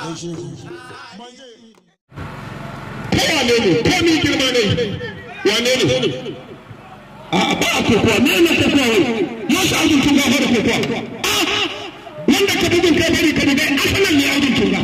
kowane ne ko girma ne wane ne a ba a kokowa me ne kokowa wai yaushe audin tunga fara kokowa a wanda ka bugun kai bari ka bugai asalan ne audin tunga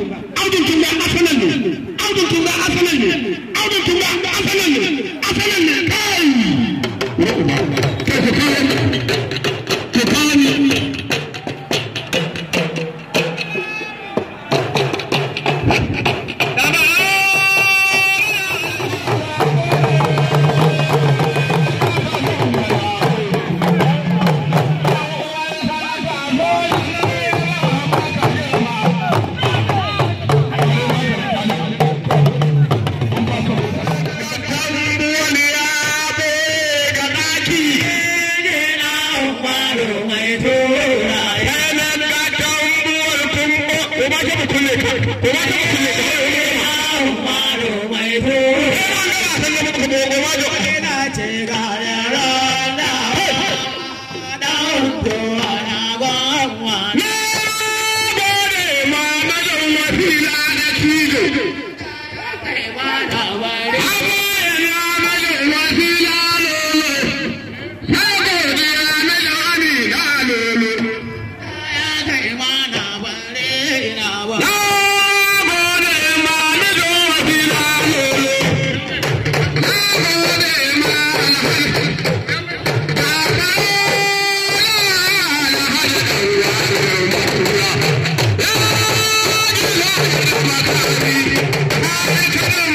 kulle ka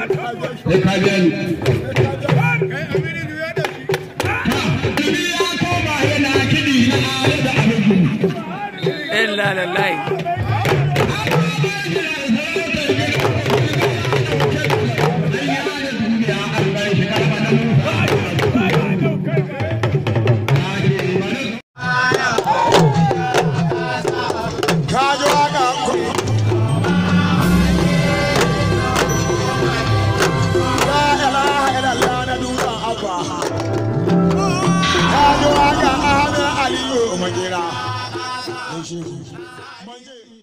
sai ka biya ni illa lallahi Chicago. Thank you.